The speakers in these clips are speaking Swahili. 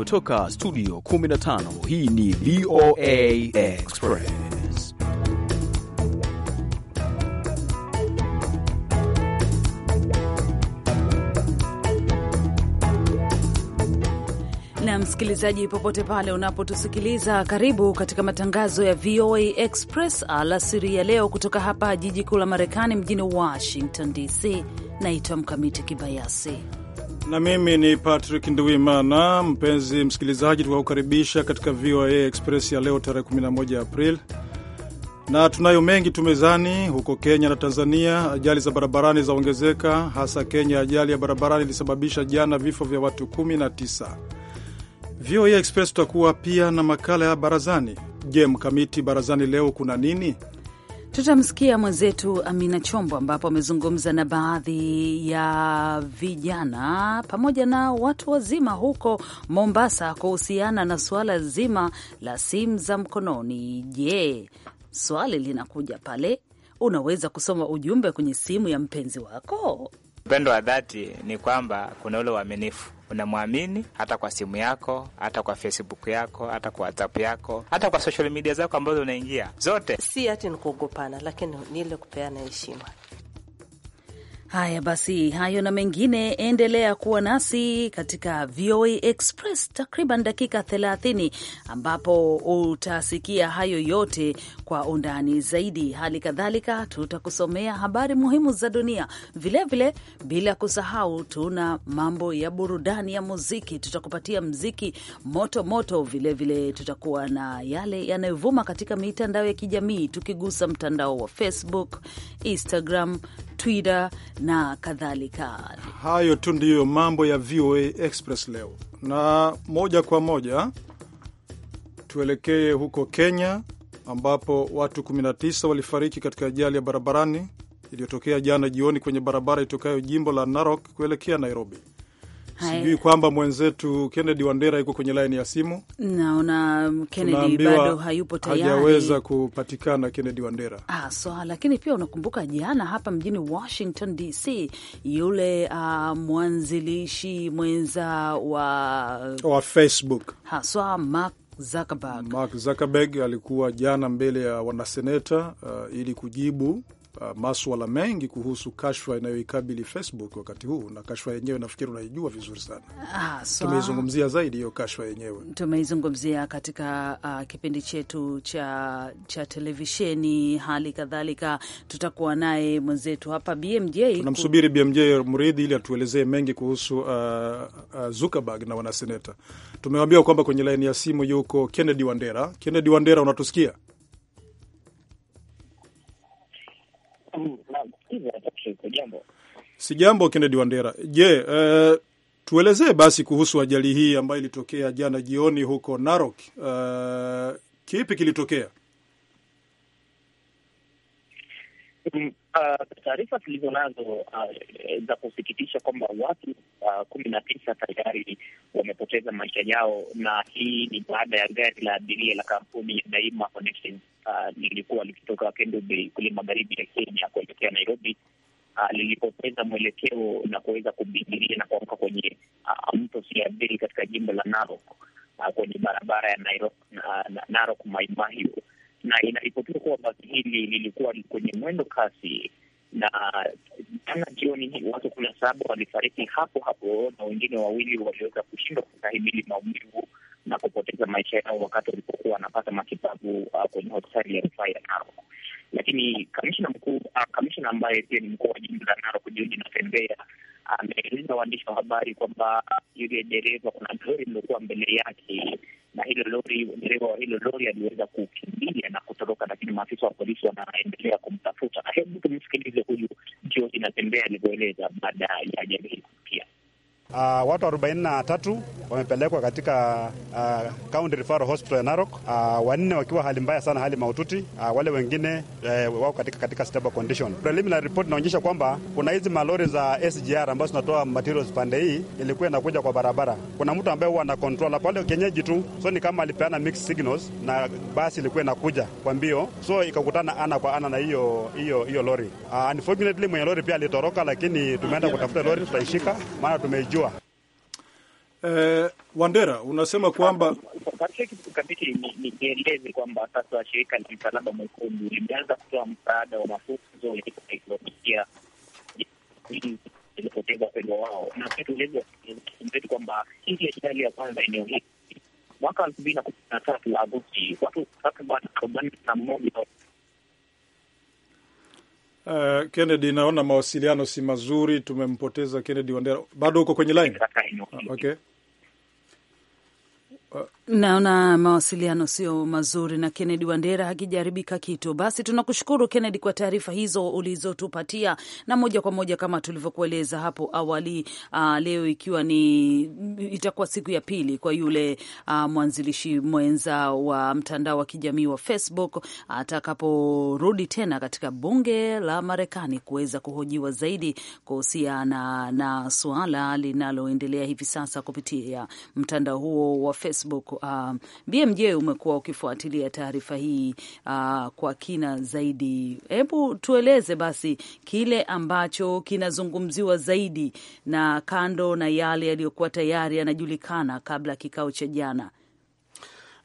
kutoka studio 15 hii ni VOA Express. Na msikilizaji, popote pale unapotusikiliza, karibu katika matangazo ya VOA Express alasiri ya leo kutoka hapa jiji kuu la Marekani, mjini Washington DC. Naitwa Mkamiti Kibayasi na mimi ni Patrick nduimana Mpenzi msikilizaji, tukakukaribisha katika VOA Express ya leo tarehe 11 April, na tunayo mengi tumezani. Huko Kenya na Tanzania, ajali za barabarani zaongezeka, hasa Kenya. Ajali ya barabarani ilisababisha jana vifo vya watu 19. VOA Express tutakuwa pia na makala ya barazani. Je, mkamiti barazani leo kuna nini? Tutamsikia mwenzetu Amina Chombo ambapo amezungumza na baadhi ya vijana pamoja na watu wazima huko Mombasa kuhusiana na suala zima la simu za mkononi. Je, swali linakuja pale, unaweza kusoma ujumbe kwenye simu ya mpenzi wako? Upendo wa dhati ni kwamba kuna ule uaminifu unamwamini hata kwa simu yako, hata kwa Facebook yako, hata kwa WhatsApp yako, hata kwa social media zako ambazo unaingia zote, si ati ni kuogopana, lakini ni ile kupeana heshima. Haya basi, hayo na mengine, endelea kuwa nasi katika VOA Express takriban dakika 30, ambapo utasikia hayo yote kwa undani zaidi. Hali kadhalika tutakusomea habari muhimu za dunia vilevile vile, bila kusahau tuna mambo ya burudani ya muziki, tutakupatia mziki moto moto. Vilevile vile, tutakuwa na yale yanayovuma katika mitandao ya kijamii, tukigusa mtandao wa Facebook, Instagram Twitter na kadhalika. Hayo tu ndiyo mambo ya VOA Express leo, na moja kwa moja tuelekee huko Kenya ambapo watu 19 walifariki katika ajali ya barabarani iliyotokea jana jioni kwenye barabara itokayo jimbo la Narok kuelekea Nairobi. Sijui kwamba mwenzetu Kennedy Wandera yuko kwenye laini ya simu. Naona Kennedy bado hayupo tayari, hajaweza kupatikana Kennedy Wandera ah, so, Lakini pia unakumbuka jana hapa mjini Washington DC yule uh, mwanzilishi mwenza wa, wa Facebook haswa Mark Zuckerberg. Mark Zuckerberg alikuwa jana mbele ya wanaseneta uh, ili kujibu uh, maswala mengi kuhusu kashfa inayoikabili Facebook wakati huu, na kashfa yenyewe nafikiri unaijua vizuri sana ah, so, tumeizungumzia zaidi hiyo kashfa yenyewe tumeizungumzia katika uh, kipindi chetu cha, cha televisheni. Hali kadhalika tutakuwa naye mwenzetu hapa BMJ, tunamsubiri BMJ Mridhi ili atuelezee mengi kuhusu uh, uh, Zuckerberg na wanaseneta. Tumeambiwa kwamba kwenye laini ya simu yuko Kennedy Wandera. Kennedy Wandera, unatusikia? hivyo iko jambo si jambo. Kennedy Wandera, je, uh, tuelezee basi kuhusu ajali hii ambayo ilitokea jana jioni huko Narok. Uh, kipi kilitokea? Uh, taarifa tulizo nazo uh, za kusikitisha kwamba watu uh, kumi na tisa tayari wamepoteza maisha yao, na hii ni baada ya gari la abiria la kampuni ya Daima Connections lilikuwa uh, likitoka Kendobey kule magharibi ya Kenya kuelekea Nairobi, uh, lilipoteza mwelekeo na kuweza kubingiria na kuamka kwenye uh, mto Siabei katika jimbo la Narok, uh, kwenye barabara ya Narok, uh, Narok Maimahiu, na inaripotiwa kuwa basi hili lilikuwa kwenye mwendo kasi na jana jioni watu kumi na saba walifariki hapo hapo na wengine wawili waliweza kushindwa kustahimili maumivu na kupoteza maisha yao wakati walipokuwa wanapata matibabu uh, kwenye hospitali ya rufaa ya Narok. Lakini kamishina mkuu uh, kamishina ambaye pia ni mkuu wa jimbo la Narok George Natembeya ameeleza waandishi wa habari kwamba uh, yule dereva, kuna lori lilokuwa mbele yake, na hilo lori, dereva wa hilo lori aliweza kukimbia na kutoroka, lakini maafisa wa polisi wanaendelea kumtafuta. Hebu tumsikilize huyu George Natembeya alivyoeleza baada ya ajali hii. Uh, watu arobaini na tatu wamepelekwa katika uh, County Referral Hospital ya Narok, uh, wanne wakiwa hali mbaya sana, hali mahututi. Uh, wale wengine uh, eh, wao katika, katika stable condition. Preliminary report inaonyesha kwamba kuna hizi malori za SGR ambazo zinatoa materials pande hii, ilikuwa inakuja kwa barabara. Kuna mtu ambaye huwa ana control wale kienyeji tu, so ni kama alipeana mixed signals na basi ilikuwa inakuja kwa mbio, so ikakutana ana kwa ana na hiyo hiyo hiyo lori. Uh, unfortunately mwenye lori pia alitoroka, lakini tumeenda kutafuta lori, tutaishika maana tumejua Eh, Wandera unasema kwamba kabiti nieleze kwamba sasa shirika la Msalaba Mwekundu limeanza kutoa msaada wa mafunzo ya ilipoteza wapendwa wao, na pia tueleze wetu kwamba hii ndiyo ajali ya kwanza eneo hili. Mwaka elfu mbili na kumi na tatu Agosti, watu takriban arobaini na mmoja Uh, Kennedy, naona mawasiliano si mazuri, tumempoteza Kennedy Wandera. Bado uko kwenye line? Ah, okay. Uh, Naona mawasiliano sio mazuri na Kennedy Wandera, hakijaribika kitu. Basi tunakushukuru Kennedy kwa taarifa hizo ulizotupatia, na moja kwa moja kama tulivyokueleza hapo awali, uh, leo ikiwa ni itakuwa siku ya pili kwa yule uh, mwanzilishi mwenza wa mtandao wa kijamii wa Facebook atakaporudi tena katika bunge la Marekani kuweza kuhojiwa zaidi kuhusiana na suala linaloendelea hivi sasa kupitia mtandao huo wa Facebook Um, BMJ umekuwa ukifuatilia taarifa hii uh, kwa kina zaidi. Hebu tueleze basi kile ambacho kinazungumziwa zaidi, na kando na yale yaliyokuwa tayari yanajulikana kabla kikao cha jana.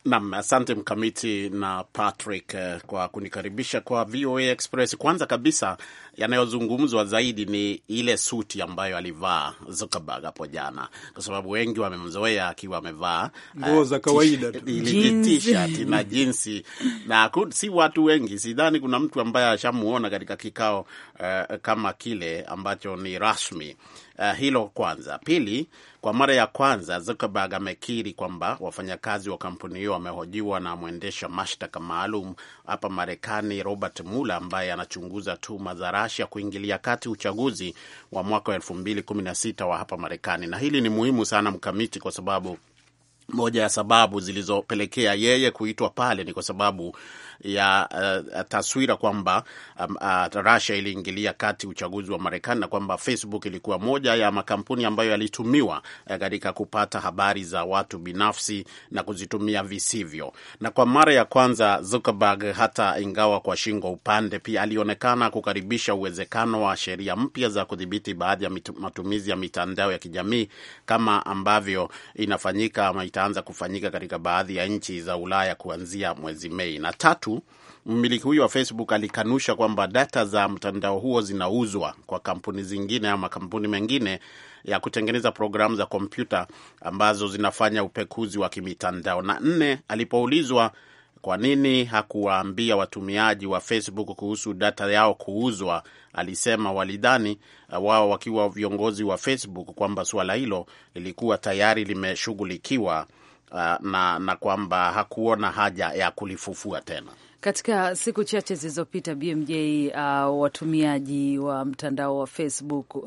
Nam, asante Mkamiti na Patrick eh, kwa kunikaribisha kwa VOA Express. Kwanza kabisa yanayozungumzwa zaidi ni ile suti ambayo alivaa Zuckerberg hapo jana, kwa sababu wengi wamemzoea akiwa amevaa eh, nguo za kawaida tu, t-shirt na jinsi, na si watu wengi, sidhani kuna mtu ambaye ashamuona katika kikao uh, kama kile ambacho ni rasmi. Uh, hilo kwanza. Pili, kwa mara ya kwanza Zuckerberg amekiri kwamba wafanyakazi wa kampuni hiyo wamehojiwa na mwendesha mashtaka maalum hapa Marekani Robert Mueller ambaye anachunguza tuhuma za Russia kuingilia kati uchaguzi wa mwaka wa sita wa hapa Marekani. Na hili ni muhimu sana mkamiti, kwa sababu moja ya sababu zilizopelekea yeye kuitwa pale ni kwa sababu ya uh, taswira kwamba um, uh, Russia iliingilia kati uchaguzi wa Marekani na kwamba Facebook ilikuwa moja ya makampuni ambayo yalitumiwa eh, katika uh, kupata habari za watu binafsi na kuzitumia visivyo. Na kwa mara ya kwanza Zuckerberg, hata ingawa kwa shingo upande, pia alionekana kukaribisha uwezekano wa sheria mpya za kudhibiti baadhi ya matumizi ya mitandao ya kijamii kama ambavyo inafanyika ama itaanza kufanyika katika baadhi ya nchi za Ulaya kuanzia mwezi Mei. Na tatu mmiliki huyo wa Facebook alikanusha kwamba data za mtandao huo zinauzwa kwa kampuni zingine ama kampuni mengine ya kutengeneza programu za kompyuta ambazo zinafanya upekuzi wa kimitandao. Na nne, alipoulizwa kwa nini hakuwaambia watumiaji wa Facebook kuhusu data yao kuuzwa, alisema walidhani uh, wao wakiwa viongozi wa Facebook kwamba suala hilo lilikuwa tayari limeshughulikiwa uh, na, na kwamba hakuona haja ya kulifufua tena. Katika siku chache zilizopita BMJ, uh, watumiaji wa mtandao wa Facebook uh,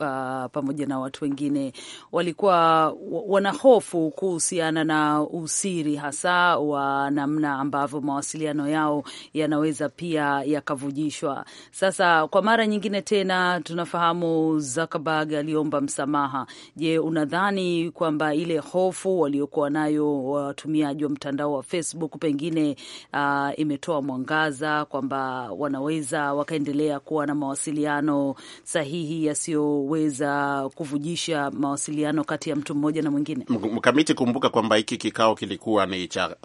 pamoja na watu wengine walikuwa wana hofu kuhusiana na usiri hasa wa namna ambavyo mawasiliano yao yanaweza pia yakavujishwa. Sasa kwa mara nyingine tena tunafahamu Zuckerberg aliomba msamaha. Je, unadhani kwamba ile hofu waliokuwa nayo watumiaji wa mtandao wa Facebook pengine uh, imetoa mwangaza kutangaza kwamba wanaweza wakaendelea kuwa na mawasiliano sahihi yasiyoweza kuvujisha mawasiliano kati ya mtu mmoja na mwingine. Mkamiti, kumbuka kwamba hiki kikao kilikuwa ni cha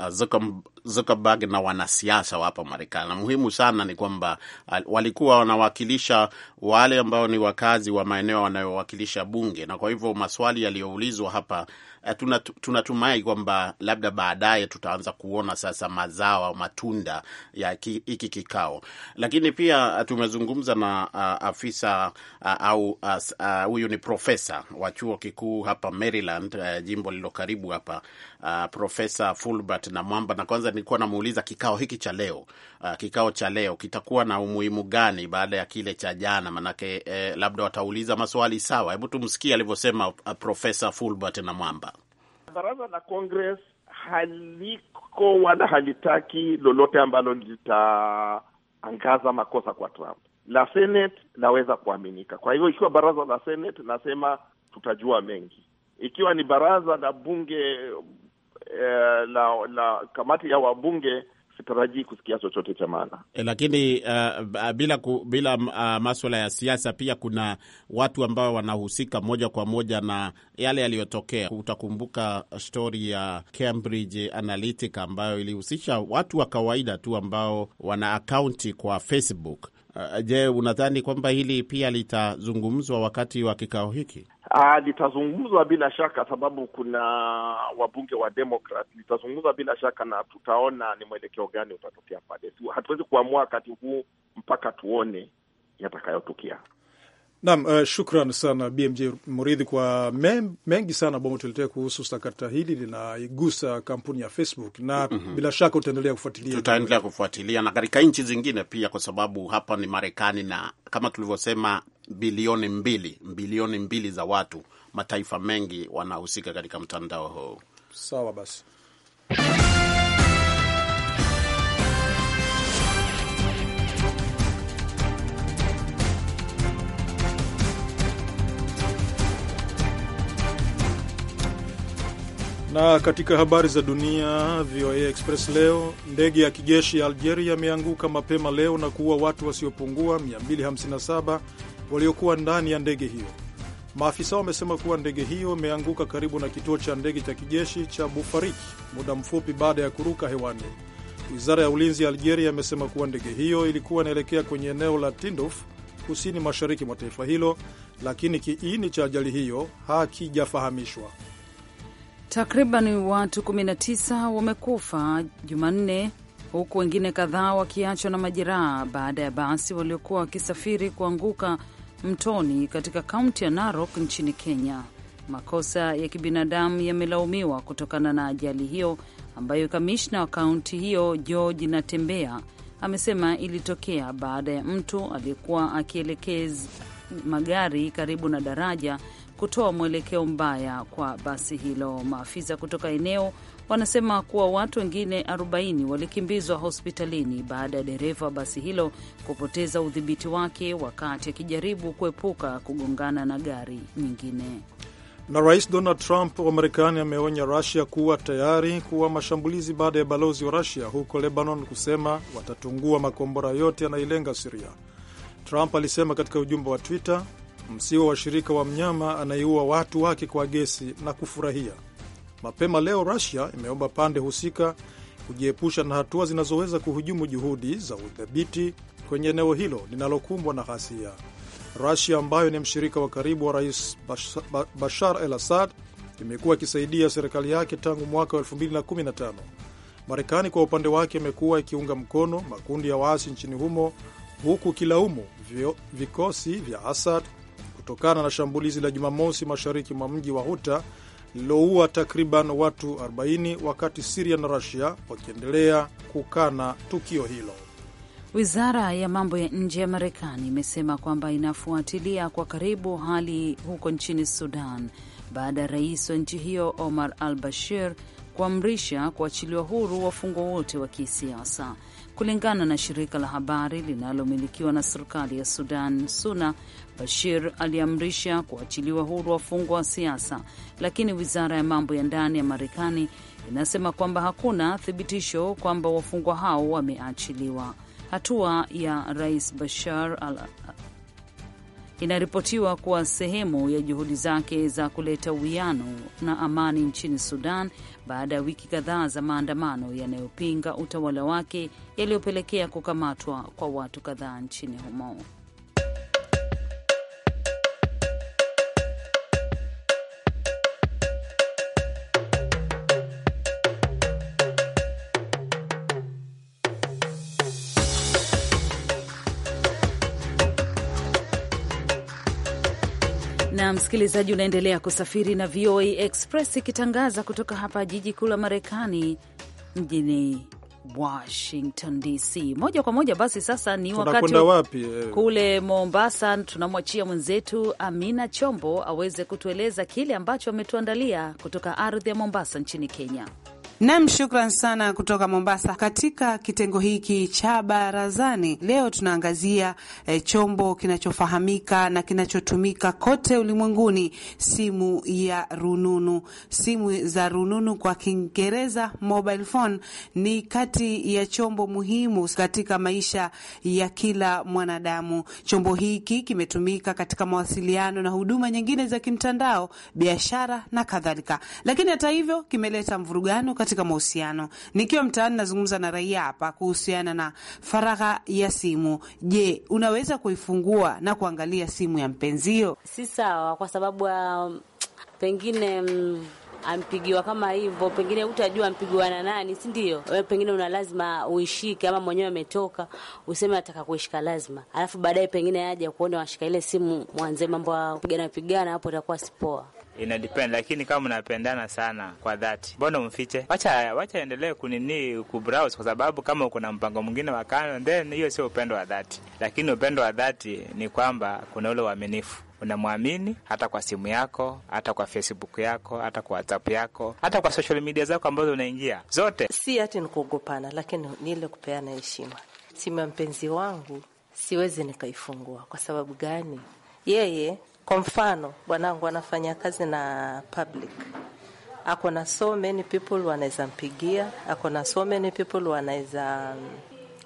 Zuckerberg na wanasiasa wa hapa Marekani, na muhimu sana ni kwamba walikuwa wanawakilisha wale ambao ni wakazi wa maeneo wanayowakilisha bunge, na kwa hivyo maswali yaliyoulizwa hapa eh, tunatumai kwamba labda baadaye tutaanza kuona sasa mazao au matunda ya hiki kikao. Lakini pia ah, tumezungumza na uh, afisa uh, au uh, uh, ni profesa wa chuo kikuu hapa Maryland, uh, jimbo lilo karibu hapa uh, ah, Profesa Fulbert na Mwamba, na kwanza nilikuwa namuuliza kikao hiki cha leo uh, kikao cha leo kitakuwa na umuhimu gani baada ya kile cha jana? Manake eh, labda watauliza maswali sawa. Hebu tumsikie alivyosema uh, ah, Profesa Fulbert na Mwamba. Baraza la Congress haliko wala halitaki lolote ambalo litaangaza makosa kwa Trump. La Senate laweza kuaminika. Kwa hivyo ikiwa baraza la Senate nasema tutajua mengi, ikiwa ni baraza la bunge Eh, la, la kamati ya wabunge sitarajii kusikia chochote cha maana e, lakini uh, bila ku, bila uh, maswala ya siasa pia kuna watu ambao wanahusika moja kwa moja na yale yaliyotokea. Utakumbuka stori ya Cambridge Analytica ambayo ilihusisha watu wa kawaida tu ambao wana akaunti kwa Facebook Uh, je, unadhani kwamba hili pia litazungumzwa wakati wa kikao hiki? Uh, litazungumzwa bila shaka, sababu kuna wabunge wa Demokrat. Litazungumzwa bila shaka, na tutaona ni mwelekeo gani utatokea pale. Hatuwezi kuamua wakati huu mpaka tuone yatakayotukia. Naam, uh, shukran sana BMJ Muridhi kwa mem, mengi sana ambao tuletea kuhusu sakata hili linaigusa kampuni ya Facebook na mm -hmm. Bila shaka utaendelea kufuatilia, tutaendelea kufuatilia na katika nchi zingine pia, kwa sababu hapa ni Marekani na kama tulivyosema bilioni mbili bilioni mbili za watu, mataifa mengi wanahusika katika mtandao huu. Sawa basi Na katika habari za dunia, VOA Express leo, ndege ya kijeshi ya Algeria imeanguka mapema leo na kuua watu wasiopungua 257 waliokuwa ndani ya ndege hiyo. Maafisa wamesema kuwa ndege hiyo imeanguka karibu na kituo cha ndege cha kijeshi cha Bufariki muda mfupi baada ya kuruka hewani. Wizara ya ulinzi ya Algeria imesema kuwa ndege hiyo ilikuwa inaelekea kwenye eneo la Tindouf kusini mashariki mwa taifa hilo, lakini kiini cha ajali hiyo hakijafahamishwa. Takriban watu 19 wamekufa Jumanne huku wengine kadhaa wakiachwa na majeraha baada ya basi waliokuwa wakisafiri kuanguka mtoni katika kaunti ya Narok nchini Kenya. Makosa ya kibinadamu yamelaumiwa kutokana na ajali hiyo ambayo kamishna wa kaunti hiyo George Natembea amesema ilitokea baada ya mtu aliyekuwa akielekeza magari karibu na daraja kutoa mwelekeo mbaya kwa basi hilo. Maafisa kutoka eneo wanasema kuwa watu wengine 40 walikimbizwa hospitalini baada ya dereva wa basi hilo kupoteza udhibiti wake wakati akijaribu kuepuka kugongana na gari nyingine. Na Rais Donald Trump wa Marekani ameonya Rusia kuwa tayari kuwa mashambulizi baada ya balozi wa Rusia huko Lebanon kusema watatungua makombora yote yanayolenga Siria. Trump alisema katika ujumbe wa Twitter, msiwa washirika wa mnyama anayeua watu wake kwa gesi na kufurahia. Mapema leo rusia imeomba pande husika kujiepusha na hatua zinazoweza kuhujumu juhudi za udhibiti kwenye eneo hilo linalokumbwa na ghasia. Rusia ambayo ni mshirika wa karibu wa rais Bashar el Assad imekuwa ikisaidia serikali yake tangu mwaka wa 2015. Marekani kwa upande wake imekuwa ikiunga mkono makundi ya waasi nchini humo, huku ikilaumu vikosi vya Assad kutokana na shambulizi la Jumamosi mashariki mwa mji wa Huta lililoua takriban watu 40 wakati Siria na Rusia wakiendelea kukana tukio hilo. Wizara ya mambo ya nje ya Marekani imesema kwamba inafuatilia kwa karibu hali huko nchini Sudan baada ya rais wa nchi hiyo Omar al Bashir kuamrisha kuachiliwa huru wafungwa wote wa kisiasa kulingana na shirika la habari linalomilikiwa na serikali ya Sudan, SUNA. Bashir aliamrisha kuachiliwa huru wafungwa wa siasa, lakini wizara ya mambo ya ndani ya Marekani inasema kwamba hakuna thibitisho kwamba wafungwa hao wameachiliwa. Hatua ya rais Bashar al inaripotiwa kuwa sehemu ya juhudi zake za kuleta uwiano na amani nchini Sudan baada ya wiki kadhaa za maandamano yanayopinga utawala wake yaliyopelekea kukamatwa kwa watu kadhaa nchini humo. na msikilizaji, unaendelea kusafiri na VOA Express ikitangaza kutoka hapa jiji kuu la Marekani, mjini Washington DC, moja kwa moja. Basi sasa ni wakati wapi? Eh? Kule Mombasa tunamwachia mwenzetu Amina Chombo aweze kutueleza kile ambacho ametuandalia kutoka ardhi ya Mombasa nchini Kenya. Nam, shukran sana kutoka Mombasa. Katika kitengo hiki cha barazani leo tunaangazia e, chombo kinachofahamika na kinachotumika kote ulimwenguni, simu ya rununu. Simu za rununu kwa Kiingereza mobile phone ni kati ya chombo muhimu katika maisha ya kila mwanadamu. Chombo hiki kimetumika katika mawasiliano na huduma nyingine za kimtandao, biashara na kadhalika, lakini hata hivyo kimeleta mvurugano katika mahusiano. Nikiwa mtaani nazungumza na raia hapa kuhusiana na faragha ya simu. Je, unaweza kuifungua na kuangalia simu ya mpenzio? Si sawa, kwa sababu um, pengine um ampigiwa kama hivyo, pengine utajua ampigiwa na nani, si ndio? Wewe pengine una lazima uishike, ama mwenyewe ametoka useme nataka kuishika lazima, alafu baadaye pengine aje kuona washika ile simu, mwanze mambo ya kupigana pigana, hapo itakuwa sipoa ina depend, lakini kama mnapendana sana kwa dhati, mbona mfiche? Wacha wacha endelee kunini kubrowse, kwa sababu kama kuna mpango mwingine wa kando, then hiyo sio upendo wa dhati. Lakini upendo wa dhati ni kwamba kuna ule uaminifu unamwamini hata kwa simu yako, hata kwa Facebook yako, hata kwa WhatsApp yako, hata kwa social media zako ambazo unaingia zote. Si hati ni kuogopana, lakini ni ile kupeana heshima. Simu ya mpenzi wangu siwezi nikaifungua. Kwa sababu gani? Yeye kwa mfano bwanangu anafanya kazi na public, ako na so many people wanaweza mpigia, ako na so many people wanaweza mm,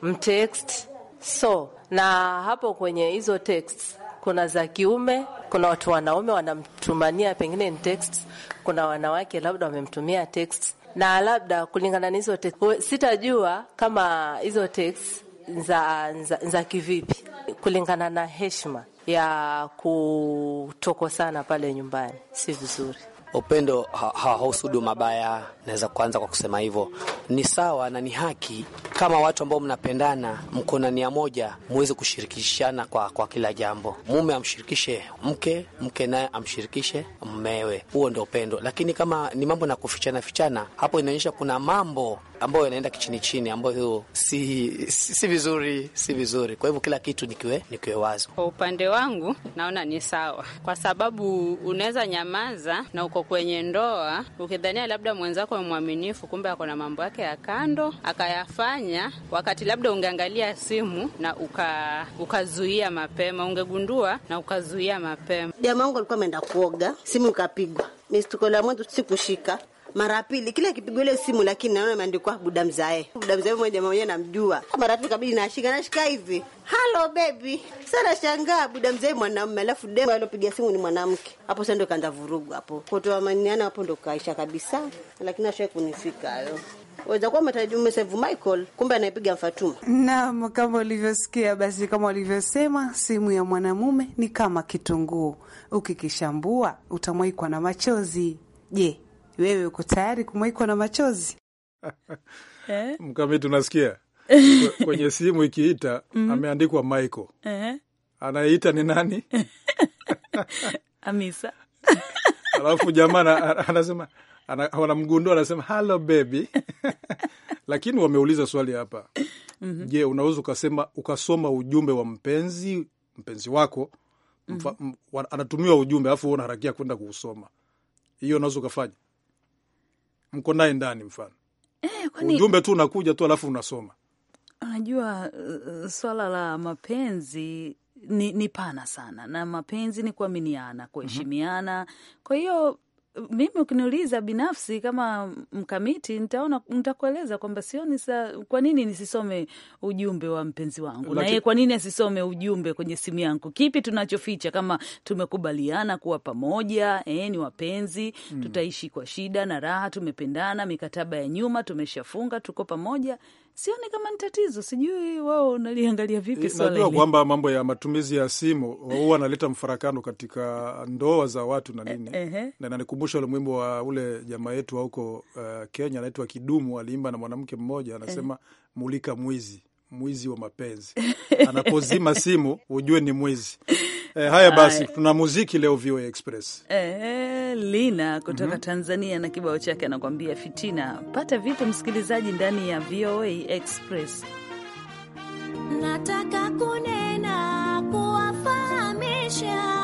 mtext. So na hapo kwenye hizo texts kuna za kiume, kuna watu wanaume wanamtumania pengine ni texts, kuna wanawake labda wamemtumia texts, na labda kulingana na hizo texts sitajua kama hizo texts za, za, za kivipi kulingana na heshima ya kutokosana pale nyumbani, si vizuri. Upendo hahusudu ha, mabaya. Naweza kuanza kwa kusema hivyo, ni sawa na ni haki kama watu ambao mnapendana, mko na nia moja, muweze kushirikishana kwa, kwa kila jambo. Mume amshirikishe mke, mke naye amshirikishe mmewe, huo ndio upendo. Lakini kama ni mambo na kufichana fichana, hapo inaonyesha kuna mambo ambayo inaenda kichini chini, ambayo si, si, si vizuri, si vizuri. Kwa hivyo kila kitu nikiwe nikiwe wazo. Kwa upande wangu naona ni sawa, kwa sababu unaweza nyamaza na uko kwenye ndoa ukidhania labda mwenzako ni mwaminifu, kumbe ako na mambo yake ya kando akayafanya, wakati labda ungeangalia simu na uka, ukazuia mapema, ungegundua na ukazuia mapema. Jamaa wangu alikuwa ameenda kuoga, simu ikapigwa, mistuko la sikushika mara ya pili, kile kipigo ile simu, lakini naona imeandikwa buda mzae, buda mzae. Mmoja mwenyewe namjua, mara tatu kabidi nashika nashika hivi, halo bebi. Sasa nashangaa buda mzae mwanamume, alafu demu alopiga simu ni mwanamke. Hapo sasa ndo kaanza vurugu hapo, kutoa maniana hapo ndo kaisha kabisa, lakini ashai kunifika hayo waweza kuwa mtajumsevu Michael, kumbe anaipiga Fatuma. Naam, kama ulivyosikia, basi kama ulivyosema, simu ya mwanamume ni kama kitunguu, ukikishambua utamwaikwa na machozi. Je, yeah wewe uko tayari kumwikwa na machozi eh? Mkamiti, unasikia kwenye simu ikiita mm Ameandikwa Michael eh? Anayeita ni nani? Amisa. Alafu jamaa anasema wanamgundua, anasema halo bebi lakini wameuliza swali hapa mm -hmm. Je, unaweza ukasema ukasoma ujumbe wa mpenzi mpenzi wako mfa, mm mm-hmm. -hmm. Anatumiwa ujumbe alafu unaharakia kwenda kuusoma, hiyo unaweza ukafanya mko naye ndani, mfano eh, kwani... ujumbe tu unakuja tu alafu unasoma. Unajua uh, uh, swala la mapenzi ni, ni pana sana na mapenzi ni kuaminiana, kuheshimiana. Kwa hiyo mimi ukiniuliza binafsi kama mkamiti, nitaona nitakueleza kwamba sioni kwa nini nisisome ujumbe wa mpenzi wangu, na yeye kwa nini asisome ujumbe kwenye simu yangu? Kipi tunachoficha kama tumekubaliana kuwa pamoja, eh, ni wapenzi mm, tutaishi kwa shida na raha, tumependana, mikataba ya nyuma tumeshafunga, tuko pamoja Sioni kama ni tatizo, sijui wao unaliangalia vipi eh, swala hili. Najua kwamba mambo ya matumizi ya simu huwa analeta mfarakano katika ndoa za watu na eh, nini, na inanikumbusha umenikumbusha ule mwimbo wa ule jamaa yetu wa huko uh, Kenya anaitwa Kidumu, aliimba na mwanamke mmoja anasema eh, mulika mwizi, mwizi wa mapenzi anapozima simu ujue ni mwizi. E, haya basi, tuna muziki leo VOA Express E, Lina kutoka mm -hmm. Tanzania na kibao chake anakuambia fitina. Pata vitu msikilizaji ndani ya VOA Express. Nataka kunena kuwafahamisha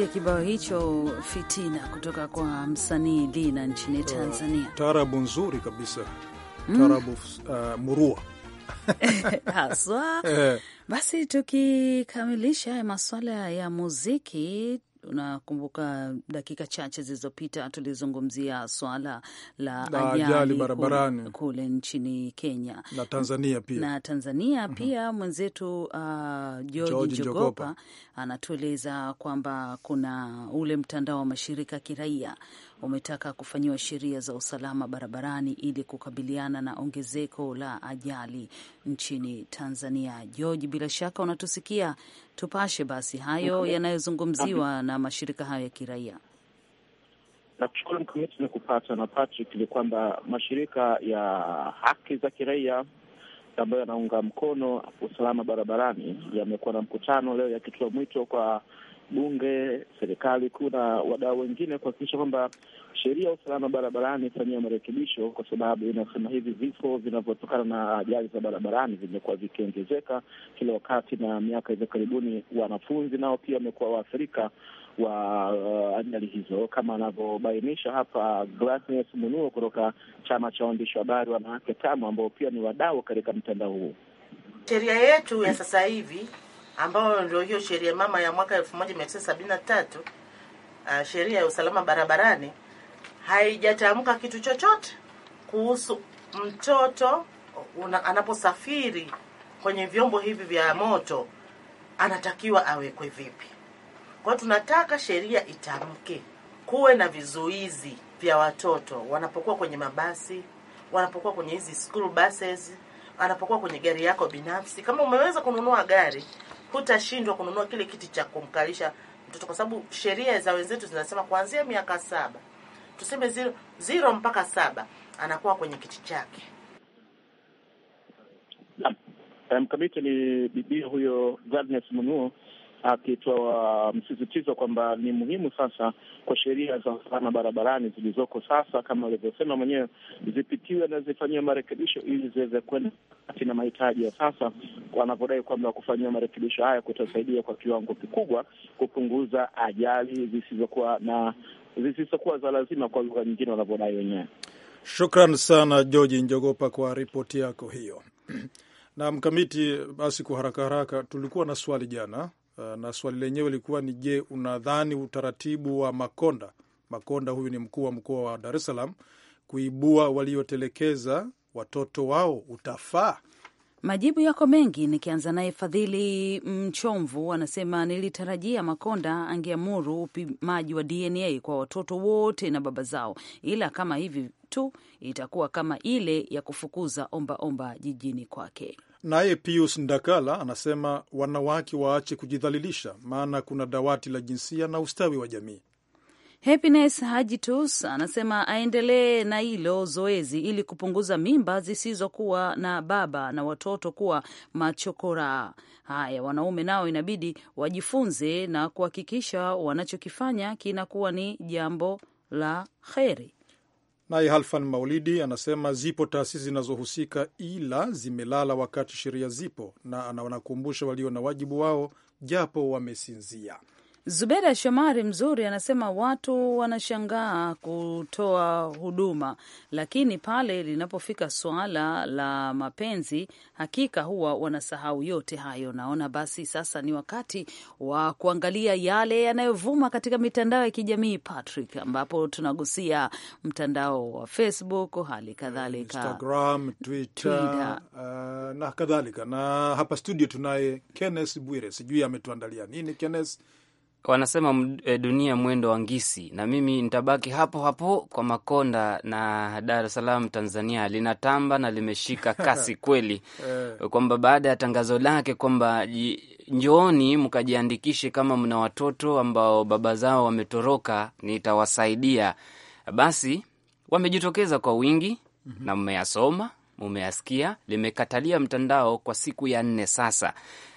Tulisikia kibao hicho fitina kutoka kwa msanii Dina nchini ah, Tanzania. Taarabu nzuri kabisa, mm. taarabu uh, murua haswa. Eh. Basi tukikamilisha haya masuala ya muziki, Unakumbuka dakika chache zilizopita tulizungumzia swala la ajali barabarani kule nchini Kenya na Tanzania pia, na Tanzania mhm. pia uh -huh. Mwenzetu uh, George Njogopa anatueleza kwamba kuna ule mtandao wa mashirika kiraia umetaka kufanyiwa sheria za usalama barabarani ili kukabiliana na ongezeko la ajali nchini Tanzania. George, bila shaka unatusikia, tupashe basi hayo yanayozungumziwa na mashirika hayo ya kiraia. Nakushukuru Mkamiti na kupata na Patrick. Ni kwamba mashirika ya haki za kiraia ambayo yanaunga mkono usalama barabarani yamekuwa na mkutano leo yakitoa mwito kwa bunge, serikali kuu na wadau wengine kuhakikisha kwamba sheria ya usalama barabarani ifanyiwe marekebisho, kwa sababu inasema hivi vifo vinavyotokana na ajali za barabarani vimekuwa vikiongezeka kila wakati, na miaka hivi karibuni wanafunzi nao pia wamekuwa waathirika wa uh, ajali hizo, kama anavyobainisha hapa Glasness Munuo kutoka chama cha waandishi wa habari wanawake TAMWA, ambao pia ni wadau katika mtandao huu. Sheria yetu ya sasa hivi ambayo ndio hiyo sheria mama ya mwaka 1973 uh, sheria ya usalama barabarani, haijatamka kitu chochote kuhusu mtoto una, anaposafiri kwenye vyombo hivi vya moto anatakiwa awekwe vipi. Kwa tunataka sheria itamke, kuwe na vizuizi vya watoto wanapokuwa kwenye mabasi, wanapokuwa kwenye hizi school buses, wanapokuwa kwenye gari yako binafsi. Kama umeweza kununua gari, hutashindwa kununua kile kiti cha kumkalisha mtoto, kwa sababu sheria za wenzetu zinasema kuanzia miaka saba, tuseme zero, zero mpaka saba anakuwa kwenye kiti chake. Mkamiti ni bibia huyo Agnes Munuo akitoa msisitizo kwamba ni muhimu sasa kwa sheria za usalama barabarani zilizoko sasa, kama alivyosema mwenyewe, zipitiwe na zifanyiwe marekebisho ili ziweze kwenda kati na mahitaji ya sasa, wanavyodai kwamba kufanyiwa marekebisho haya kutasaidia kwa kiwango kikubwa kupunguza ajali zisizokuwa na zisizokuwa za lazima, kwa lugha nyingine wanavyodai wenyewe. Shukran sana Georgi Njogopa kwa ripoti yako hiyo. Na mkamiti, basi kwa haraka haraka, tulikuwa na swali jana Eh, na swali lenyewe ilikuwa ni je, unadhani utaratibu wa Makonda, Makonda huyu ni mkuu wa mkoa wa Dar es Salaam, kuibua waliotelekeza watoto wao utafaa? Majibu yako mengi, nikianza naye Fadhili Mchomvu anasema nilitarajia Makonda angeamuru upimaji wa DNA kwa watoto wote na baba zao, ila kama hivi tu itakuwa kama ile ya kufukuza ombaomba omba jijini kwake. Naye Pius Ndakala anasema wanawake waache kujidhalilisha, maana kuna dawati la jinsia na ustawi wa jamii. Happiness Hajitus anasema aendelee na hilo zoezi ili kupunguza mimba zisizokuwa na baba na watoto kuwa machokora. Haya, wanaume nao inabidi wajifunze na kuhakikisha wanachokifanya kinakuwa ni jambo la kheri. Naye Halfan Maulidi anasema zipo taasisi zinazohusika ila zimelala wakati sheria zipo, na anawakumbusha walio na wajibu wao japo wamesinzia. Zubeda Shomari Mzuri anasema watu wanashangaa kutoa huduma, lakini pale linapofika suala la mapenzi, hakika huwa wanasahau yote hayo. Naona basi sasa ni wakati wa kuangalia yale yanayovuma katika mitandao ya kijamii Patrick, ambapo tunagusia mtandao wa Facebook, hali kadhalika Instagram, Twitter, uh, na kadhalika. Na hapa studio tunaye Kenneth Bwire, sijui ametuandalia nini Kenneth wanasema eh, dunia mwendo wa ngisi, na mimi nitabaki hapo hapo kwa Makonda na Dar es Salaam, Tanzania. Linatamba na limeshika kasi kweli, eh. kwamba baada ya tangazo lake kwamba njooni mkajiandikishe kama mna watoto ambao baba zao wametoroka, nitawasaidia, basi wamejitokeza kwa wingi mhm. na mmeyasoma mumeyasikia, limekatalia mtandao kwa siku ya nne sasa.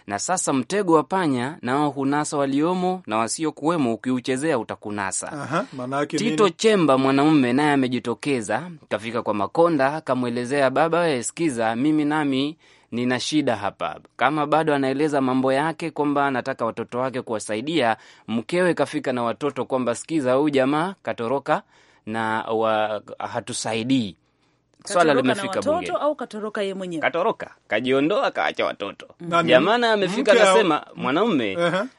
Na sasa mtego wa panya nao hunasa waliomo na wasiokuwemo, ukiuchezea utakunasa. Tito nini? Chemba mwanaume naye amejitokeza, kafika kwa Makonda, kamwelezea baba we, mimi nami nina shida hapa. Kama bado anaeleza mambo yake kwamba anataka watoto wake kuwasaidia, mkewe kafika na watoto kwamba sikiza, huyu jamaa katoroka na wa, hatusaidii swala limefika bungeni, au katoroka yeye mwenyewe, katoroka kajiondoa, kaacha watoto mm. Jamaa naye amefika anasema mwanaume.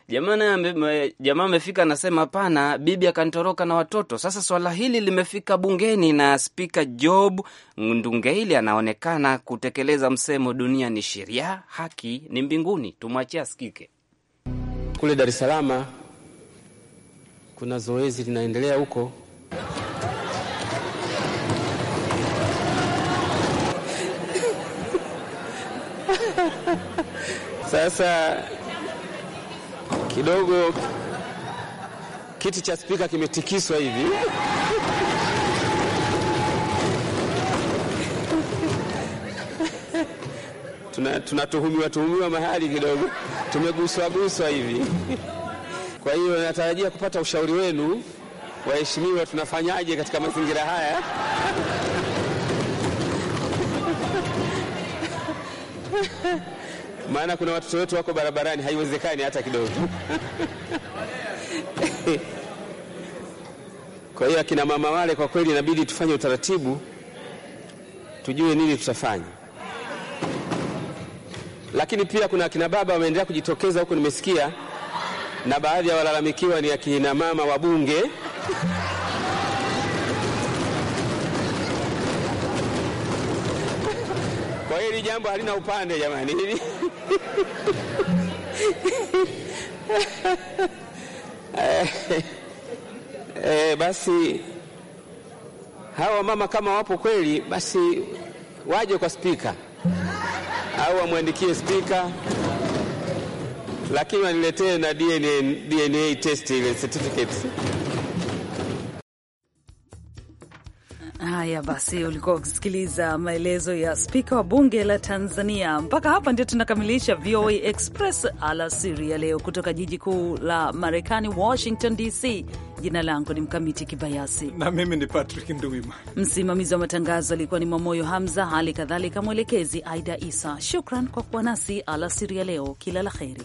Jamaa naye jamaa amefika anasema hapana, bibi akantoroka na watoto. Sasa swala hili limefika bungeni na Spika Job Ndungeili anaonekana kutekeleza msemo, dunia ni sheria, haki ni mbinguni. Tumwachie asikike. Kule Dar es Salaam kuna zoezi linaendelea huko Sasa kidogo kiti cha spika kimetikiswa hivi tunatuhumiwa tuhumiwa mahali kidogo, tumeguswaguswa hivi. Kwa hiyo natarajia kupata ushauri wenu waheshimiwa, tunafanyaje katika mazingira haya? maana kuna watoto wetu wako barabarani, haiwezekani hata kidogo. Kwa hiyo akina mama wale, kwa kweli inabidi tufanye utaratibu, tujue nini tutafanya. Lakini pia kuna akina baba wameendelea kujitokeza huku, nimesikia na baadhi ya walalamikiwa ni akina mama wabunge hili jambo halina upande jamani, hili E, eh, eh, basi hawa mama kama wapo kweli, basi waje kwa spika au wamwandikie spika, lakini waniletee na DNA, DNA test ile certificate. Haya basi, ulikuwa ukisikiliza maelezo ya spika wa bunge la Tanzania. Mpaka hapa ndio tunakamilisha VOA Express alasiri ya leo, kutoka jiji kuu la Marekani, Washington DC. Jina langu ni Mkamiti Kibayasi na mimi ni Patrick Nduwima. Msimamizi wa matangazo alikuwa ni Mwamoyo Hamza, hali kadhalika mwelekezi Aida Isa. Shukran kwa kuwa nasi alasiri ya leo, kila la heri.